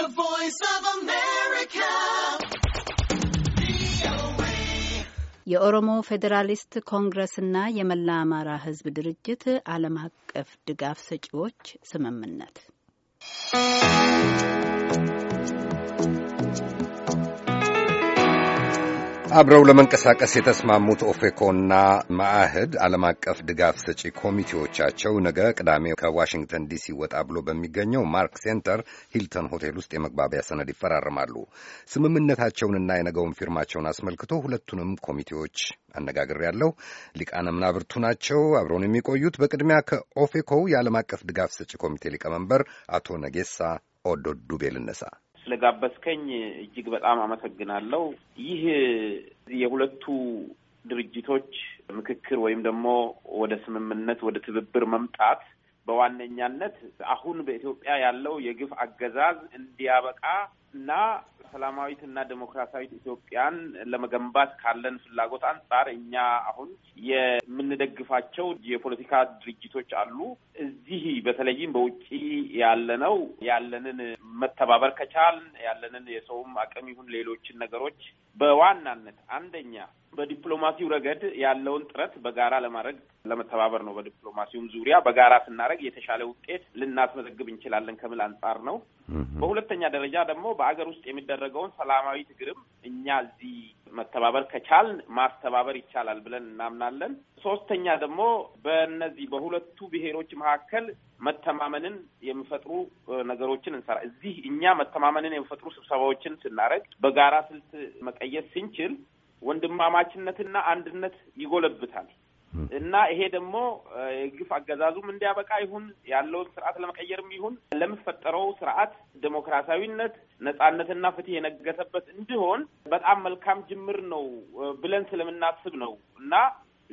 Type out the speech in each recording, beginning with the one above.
The Voice of America. የኦሮሞ ፌዴራሊስት ኮንግረስና የመላ አማራ ሕዝብ ድርጅት ዓለም አቀፍ ድጋፍ ሰጪዎች ስምምነት አብረው ለመንቀሳቀስ የተስማሙት ኦፌኮና ማአህድ ዓለም አቀፍ ድጋፍ ሰጪ ኮሚቴዎቻቸው ነገ ቅዳሜ ከዋሽንግተን ዲሲ ወጣ ብሎ በሚገኘው ማርክ ሴንተር ሂልተን ሆቴል ውስጥ የመግባቢያ ሰነድ ይፈራርማሉ። ስምምነታቸውንና የነገውን ፊርማቸውን አስመልክቶ ሁለቱንም ኮሚቴዎች ያለው ሊቃነ ምናብርቱ ናቸው አብረውን የሚቆዩት። በቅድሚያ ከኦፌኮው የዓለም አቀፍ ድጋፍ ሰጪ ኮሚቴ ሊቀመንበር አቶ ነጌሳ ኦዶዱቤ ልነሳ ስለጋበዝከኝ እጅግ በጣም አመሰግናለሁ። ይህ የሁለቱ ድርጅቶች ምክክር ወይም ደግሞ ወደ ስምምነት ወደ ትብብር መምጣት በዋነኛነት አሁን በኢትዮጵያ ያለው የግፍ አገዛዝ እንዲያበቃ እና ሰላማዊት እና ዴሞክራሲያዊት ኢትዮጵያን ለመገንባት ካለን ፍላጎት አንጻር እኛ አሁን የምንደግፋቸው የፖለቲካ ድርጅቶች አሉ። እዚህ በተለይም በውጭ ያለነው ያለንን መተባበር ከቻል ያለንን የሰውም አቅም ይሁን ሌሎችን ነገሮች በዋናነት አንደኛ በዲፕሎማሲው ረገድ ያለውን ጥረት በጋራ ለማድረግ ለመተባበር ነው። በዲፕሎማሲውም ዙሪያ በጋራ ስናደረግ የተሻለ ውጤት ልናስመዘግብ እንችላለን ከሚል አንጻር ነው። በሁለተኛ ደረጃ ደግሞ በአገር ውስጥ የሚደረገውን ሰላማዊ ትግርም እኛ እዚህ መተባበር ከቻል ማስተባበር ይቻላል ብለን እናምናለን። ሶስተኛ ደግሞ በእነዚህ በሁለቱ ብሔሮች መካከል መተማመንን የሚፈጥሩ ነገሮችን እንሰራ። እዚህ እኛ መተማመንን የሚፈጥሩ ስብሰባዎችን ስናደርግ በጋራ ስልት መቀየስ ስንችል ወንድማማችነትና አንድነት ይጎለብታል። እና ይሄ ደግሞ የግፍ አገዛዙም እንዲያበቃ ይሁን ያለውን ስርዓት ለመቀየርም ይሁን ለሚፈጠረው ስርዓት ዴሞክራሲያዊነት፣ ነጻነትና ፍትህ የነገሰበት እንዲሆን በጣም መልካም ጅምር ነው ብለን ስለምናስብ ነው እና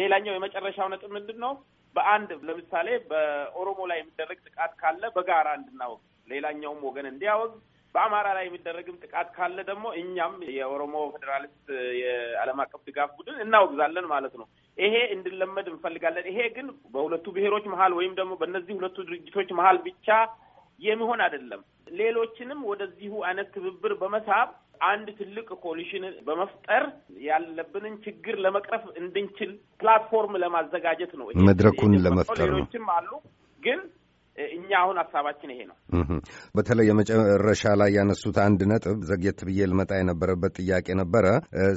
ሌላኛው የመጨረሻው ነጥብ ምንድን ነው? በአንድ ለምሳሌ በኦሮሞ ላይ የሚደረግ ጥቃት ካለ በጋራ እንድናወግ ሌላኛውም ወገን እንዲያወግ በአማራ ላይ የሚደረግም ጥቃት ካለ ደግሞ እኛም የኦሮሞ ፌዴራሊስት የዓለም አቀፍ ድጋፍ ቡድን እናወግዛለን ማለት ነው። ይሄ እንድለመድ እንፈልጋለን። ይሄ ግን በሁለቱ ብሔሮች መሀል ወይም ደግሞ በእነዚህ ሁለቱ ድርጅቶች መሀል ብቻ የሚሆን አይደለም። ሌሎችንም ወደዚሁ አይነት ትብብር በመሳብ አንድ ትልቅ ኮሊሽን በመፍጠር ያለብንን ችግር ለመቅረፍ እንድንችል ፕላትፎርም ለማዘጋጀት ነው። መድረኩን ለመፍጠር ነው። ሌሎችም አሉ ግን እኛ አሁን ሀሳባችን ይሄ ነው። በተለይ የመጨረሻ ላይ ያነሱት አንድ ነጥብ ዘግየት ብዬ ልመጣ የነበረበት ጥያቄ ነበረ።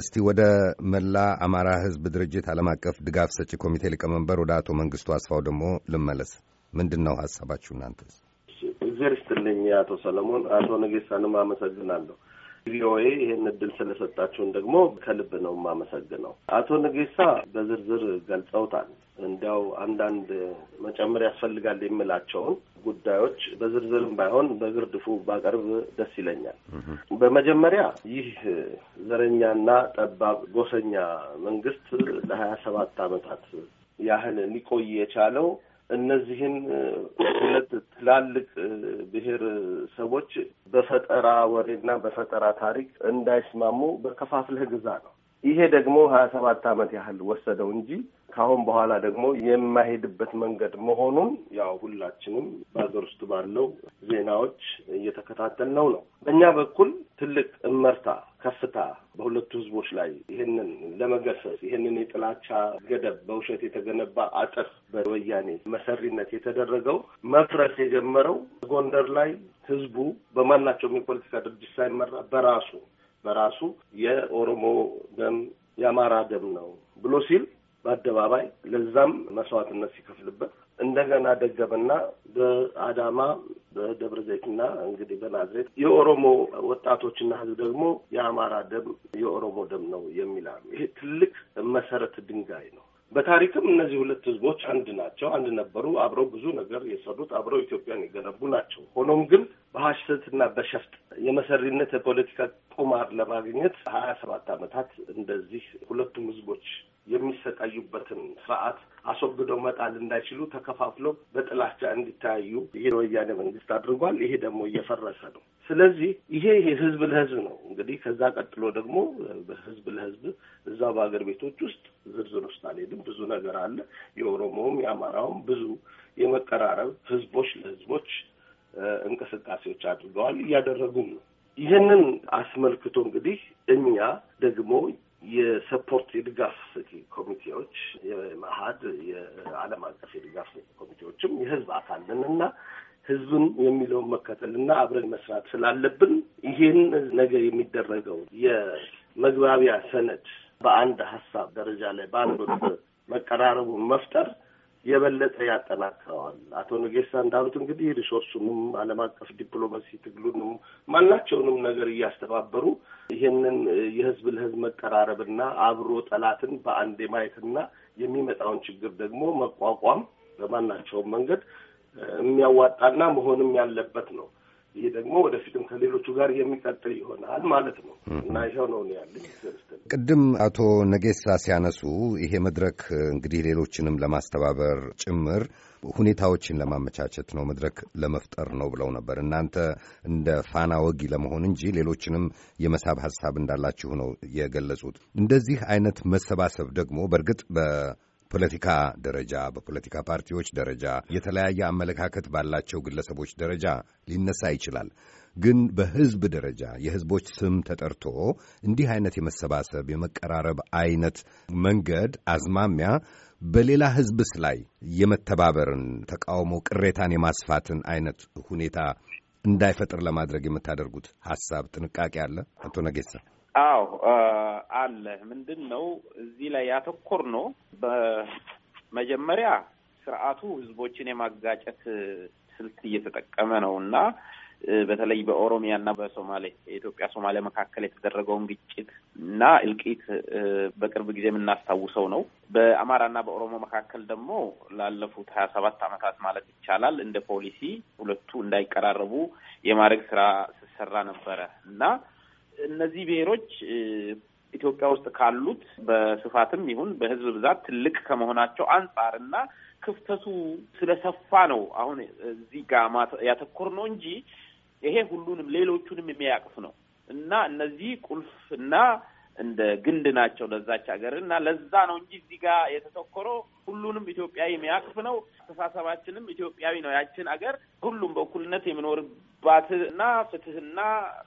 እስቲ ወደ መላ አማራ ህዝብ ድርጅት ዓለም አቀፍ ድጋፍ ሰጪ ኮሚቴ ሊቀመንበር ወደ አቶ መንግስቱ አስፋው ደግሞ ልመለስ። ምንድን ነው ሀሳባችሁ እናንተስ? እግዜር ይስጥልኝ አቶ ሰለሞን። አቶ ንግሥትንም አመሰግናለሁ። ቪኦኤ ይህን እድል ስለሰጣችሁን ደግሞ ከልብ ነው የማመሰግነው። አቶ ነጌሳ በዝርዝር ገልጸውታል። እንዲያው አንዳንድ መጨመር ያስፈልጋል የምላቸውን ጉዳዮች በዝርዝርም ባይሆን በግርድፉ ባቀርብ ደስ ይለኛል። በመጀመሪያ ይህ ዘረኛና ጠባብ ጎሰኛ መንግስት ለሀያ ሰባት አመታት ያህል ሊቆይ የቻለው እነዚህን ሁለት ትላልቅ ብሔር ሰዎች በፈጠራ ወሬና በፈጠራ ታሪክ እንዳይስማሙ በከፋፍለህ ግዛ ነው። ይሄ ደግሞ ሀያ ሰባት ዓመት ያህል ወሰደው እንጂ ከአሁን በኋላ ደግሞ የማሄድበት መንገድ መሆኑን ያው ሁላችንም በሀገር ውስጥ ባለው ዜናዎች እየተከታተልነው ነው። በእኛ በኩል ትልቅ እመርታ ከፍታ በሁለቱ ህዝቦች ላይ ይህንን ለመገሰጽ ይህንን የጥላቻ ገደብ በውሸት የተገነባ አጥር በወያኔ መሰሪነት የተደረገው መፍረስ የጀመረው ጎንደር ላይ ህዝቡ በማናቸውም የፖለቲካ ድርጅት ሳይመራ በራሱ በራሱ የኦሮሞ ደም የአማራ ደም ነው ብሎ ሲል በአደባባይ ለዛም መስዋዕትነት ሲከፍልበት እንደገና ደገመና በአዳማ በደብረ ዘይትና እንግዲህ በናዝሬት የኦሮሞ ወጣቶችና ህዝብ ደግሞ የአማራ ደም የኦሮሞ ደም ነው የሚላሉ። ይሄ ትልቅ መሰረት ድንጋይ ነው። በታሪክም እነዚህ ሁለት ህዝቦች አንድ ናቸው፣ አንድ ነበሩ። አብረው ብዙ ነገር የሰሩት አብረው ኢትዮጵያን የገነቡ ናቸው። ሆኖም ግን በሀሰትና በሸፍጥ የመሰሪነት የፖለቲካ ቁማር ለማግኘት ሀያ ሰባት ዓመታት እንደዚህ ሁለቱም ህዝቦች የሚሰቃዩበትን ስርዓት አስወግደው መጣል እንዳይችሉ ተከፋፍለው በጥላቻ እንዲታያዩ ይሄ ወያኔ መንግስት አድርጓል። ይሄ ደግሞ እየፈረሰ ነው። ስለዚህ ይሄ ይሄ ህዝብ ለህዝብ ነው። እንግዲህ ከዛ ቀጥሎ ደግሞ ህዝብ ለህዝብ እዛ በሀገር ቤቶች ውስጥ ዝርዝር ውስጥ አልሄድም። ብዙ ነገር አለ። የኦሮሞውም የአማራውም ብዙ የመቀራረብ ህዝቦች ለህዝቦች እንቅስቃሴዎች አድርገዋል፣ እያደረጉም ነው። ይህንን አስመልክቶ እንግዲህ እኛ ደግሞ የሰፖርት የድጋፍ ሰጪ ኮሚቴዎች የመሀድ የዓለም አቀፍ የድጋፍ ሰጪ ኮሚቴዎችም የህዝብ አካል ነን እና ህዝብን የሚለውን መከተልና አብረን መስራት ስላለብን ይሄን ነገ የሚደረገው የመግባቢያ ሰነድ በአንድ ሀሳብ ደረጃ ላይ በአንድ መቀራረቡን መፍጠር የበለጠ ያጠናክረዋል። አቶ ነጌሳ እንዳሉት እንግዲህ ሪሶርሱንም ዓለም አቀፍ ዲፕሎማሲ ትግሉንም ማናቸውንም ነገር እያስተባበሩ ይህንን የህዝብ ለህዝብ መቀራረብና አብሮ ጠላትን በአንዴ ማየትና የሚመጣውን ችግር ደግሞ መቋቋም በማናቸውም መንገድ የሚያዋጣና መሆንም ያለበት ነው። ይህ ደግሞ ወደፊትም ከሌሎቹ ጋር የሚቀጥል ይሆናል ማለት ነው እና ይኸው ነው ያለኝ። ቅድም አቶ ነጌሳ ሲያነሱ ይሄ መድረክ እንግዲህ ሌሎችንም ለማስተባበር ጭምር ሁኔታዎችን ለማመቻቸት ነው፣ መድረክ ለመፍጠር ነው ብለው ነበር። እናንተ እንደ ፋና ወጊ ለመሆን እንጂ ሌሎችንም የመሳብ ሀሳብ እንዳላችሁ ነው የገለጹት። እንደዚህ አይነት መሰባሰብ ደግሞ በእርግጥ ፖለቲካ ደረጃ በፖለቲካ ፓርቲዎች ደረጃ የተለያየ አመለካከት ባላቸው ግለሰቦች ደረጃ ሊነሳ ይችላል። ግን በህዝብ ደረጃ የህዝቦች ስም ተጠርቶ እንዲህ አይነት የመሰባሰብ የመቀራረብ አይነት መንገድ አዝማሚያ በሌላ ህዝብስ ላይ የመተባበርን ተቃውሞ፣ ቅሬታን የማስፋትን አይነት ሁኔታ እንዳይፈጥር ለማድረግ የምታደርጉት ሀሳብ ጥንቃቄ አለ? አቶ ነጌሳ አዎ አለ። ምንድን ነው እዚህ ላይ ያተኮር ነው። በመጀመሪያ ስርዓቱ ህዝቦችን የማጋጨት ስልት እየተጠቀመ ነው እና በተለይ በኦሮሚያ እና በሶማሌ የኢትዮጵያ ሶማሌ መካከል የተደረገውን ግጭት እና እልቂት በቅርብ ጊዜ የምናስታውሰው ነው። በአማራ እና በኦሮሞ መካከል ደግሞ ላለፉት ሀያ ሰባት ዓመታት ማለት ይቻላል እንደ ፖሊሲ ሁለቱ እንዳይቀራረቡ የማድረግ ስራ ስሰራ ነበረ እና እነዚህ ብሔሮች ኢትዮጵያ ውስጥ ካሉት በስፋትም ይሁን በህዝብ ብዛት ትልቅ ከመሆናቸው አንጻር እና ክፍተቱ ስለሰፋ ነው አሁን እዚህ ጋር ያተኮር ነው እንጂ ይሄ ሁሉንም ሌሎቹንም የሚያቅፍ ነው እና እነዚህ ቁልፍ እና እንደ ግንድ ናቸው ለዛች ሀገር እና ለዛ ነው እንጂ እዚህ ጋር የተተኮረው ሁሉንም ኢትዮጵያዊ የሚያቅፍ ነው። አስተሳሰባችንም ኢትዮጵያዊ ነው። ያችን ሀገር ሁሉም በእኩልነት የሚኖርባት እና ፍትህና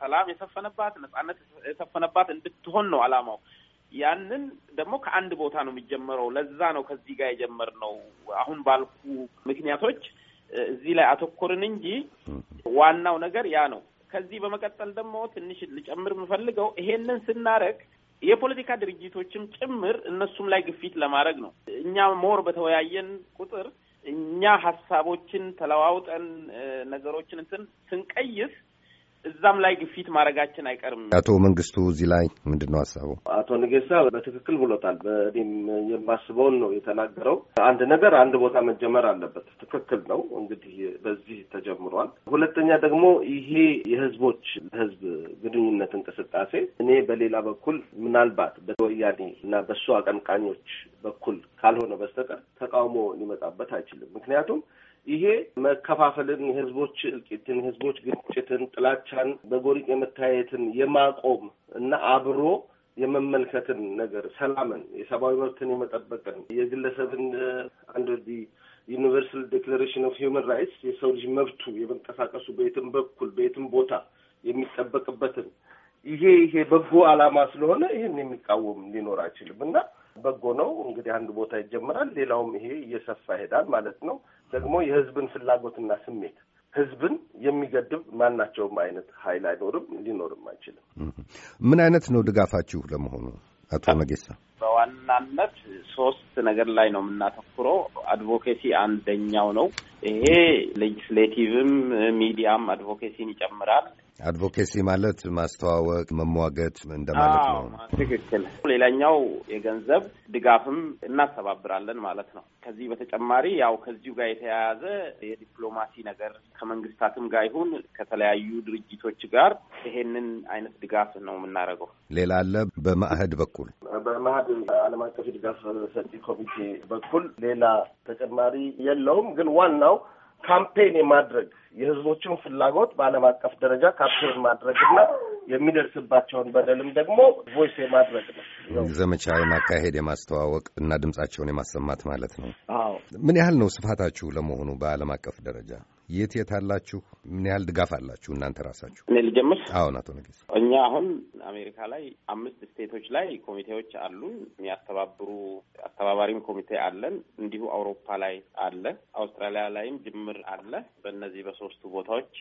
ሰላም የሰፈነባት ነጻነት የሰፈነባት እንድትሆን ነው አላማው። ያንን ደግሞ ከአንድ ቦታ ነው የሚጀመረው። ለዛ ነው ከዚህ ጋር የጀመርነው አሁን ባልኩ ምክንያቶች እዚህ ላይ አተኮርን እንጂ ዋናው ነገር ያ ነው። ከዚህ በመቀጠል ደግሞ ትንሽ ልጨምር የምፈልገው ይሄንን ስናረግ የፖለቲካ ድርጅቶችም ጭምር እነሱም ላይ ግፊት ለማድረግ ነው። እኛ ሞር በተወያየን ቁጥር እኛ ሀሳቦችን ተለዋውጠን ነገሮችን እንትን ስንቀይስ እዛም ላይ ግፊት ማድረጋችን አይቀርም። አቶ መንግስቱ እዚህ ላይ ምንድን ነው ሀሳቡ? አቶ ንጌሳ በትክክል ብሎታል። በእኔም የማስበውን ነው የተናገረው። አንድ ነገር አንድ ቦታ መጀመር አለበት። ትክክል ነው። እንግዲህ በዚህ ተጀምሯል። ሁለተኛ ደግሞ ይሄ የህዝቦች ለህዝብ ግንኙነት እንቅስቃሴ እኔ በሌላ በኩል ምናልባት በወያኔ እና በእሱ አቀንቃኞች በኩል ካልሆነ በስተቀር ተቃውሞ ሊመጣበት አይችልም። ምክንያቱም ይሄ መከፋፈልን፣ የህዝቦች እልቂትን፣ የህዝቦች ግጭትን፣ ጥላቻን፣ በጎሪቅ የመታየትን የማቆም እና አብሮ የመመልከትን ነገር ሰላምን፣ የሰብአዊ መብትን የመጠበቅን የግለሰብን አንድ ዩኒቨርሳል ዴክለሬሽን ኦፍ ሂውማን ራይትስ የሰው ልጅ መብቱ የመንቀሳቀሱ በየትም በኩል በየትም ቦታ የሚጠበቅበትን ይሄ ይሄ በጎ ዓላማ ስለሆነ ይህን የሚቃወም ሊኖር አይችልም እና በጎ ነው። እንግዲህ አንድ ቦታ ይጀምራል፣ ሌላውም ይሄ እየሰፋ ይሄዳል ማለት ነው። ደግሞ የህዝብን ፍላጎትና ስሜት ህዝብን የሚገድብ ማናቸውም አይነት ኃይል አይኖርም፣ ሊኖርም አይችልም። ምን አይነት ነው ድጋፋችሁ ለመሆኑ አቶ መጌሳ? በዋናነት ሶስት ነገር ላይ ነው የምናተኩረው። አድቮኬሲ አንደኛው ነው። ይሄ ሌጅስሌቲቭም ሚዲያም አድቮኬሲን ይጨምራል። አድቮኬሲ ማለት ማስተዋወቅ፣ መሟገት እንደማለት ነው። ትክክል። ሌላኛው የገንዘብ ድጋፍም እናስተባብራለን ማለት ነው። ከዚህ በተጨማሪ ያው ከዚሁ ጋር የተያያዘ የዲፕሎማሲ ነገር ከመንግስታትም ጋር ይሁን ከተለያዩ ድርጅቶች ጋር ይሄንን አይነት ድጋፍ ነው የምናደርገው። ሌላ አለ። በማዕህድ በኩል በማዕህድ ዓለም አቀፍ ድጋፍ ሰጪ ኮሚቴ በኩል ሌላ ተጨማሪ የለውም፣ ግን ዋናው ካምፔን የማድረግ የህዝቦችን ፍላጎት በዓለም አቀፍ ደረጃ ካፕቸር ማድረግና የሚደርስባቸውን በደልም ደግሞ ቮይስ የማድረግ ነው። ዘመቻ የማካሄድ የማስተዋወቅ እና ድምጻቸውን የማሰማት ማለት ነው። ምን ያህል ነው ስፋታችሁ ለመሆኑ በዓለም አቀፍ ደረጃ? የት የት አላችሁ? ምን ያህል ድጋፍ አላችሁ እናንተ ራሳችሁ? እኔ ልጀምር። አሁን አቶ ነጌስ፣ እኛ አሁን አሜሪካ ላይ አምስት ስቴቶች ላይ ኮሚቴዎች አሉን የሚያስተባብሩ አስተባባሪም ኮሚቴ አለን። እንዲሁ አውሮፓ ላይ አለ፣ አውስትራሊያ ላይም ጅምር አለ። በእነዚህ በ በሶስቱ ቦታዎች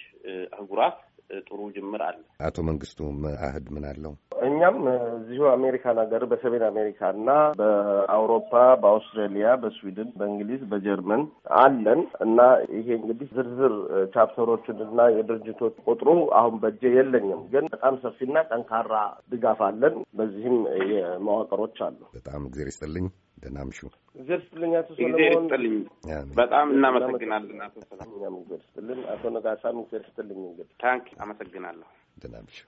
አህጉራት ጥሩ ጅምር አለ። አቶ መንግስቱ መአህድ ምን አለው? እኛም እዚሁ አሜሪካን ሀገር በሰሜን አሜሪካ እና በአውሮፓ፣ በአውስትራሊያ፣ በስዊድን፣ በእንግሊዝ፣ በጀርመን አለን እና ይሄ እንግዲህ ዝርዝር ቻፕተሮችን እና የድርጅቶች ቁጥሩ አሁን በእጄ የለኝም፣ ግን በጣም ሰፊና ጠንካራ ድጋፍ አለን። በዚህም መዋቅሮች አሉ። በጣም እግዜር ይስጥልኝ። ደህና ምሹ። እግዚአብሔር ይስጥልኝ አቶ ሰለሞን በጣም እናመሰግናለን አቶ ሰለሞን እግዚአብሔር ይስጥልን። አቶ ነጋሳም እግዚአብሔር ይስጥልኝ። እንግዲህ ታንክ አመሰግናለሁ። ደህና ምሹ።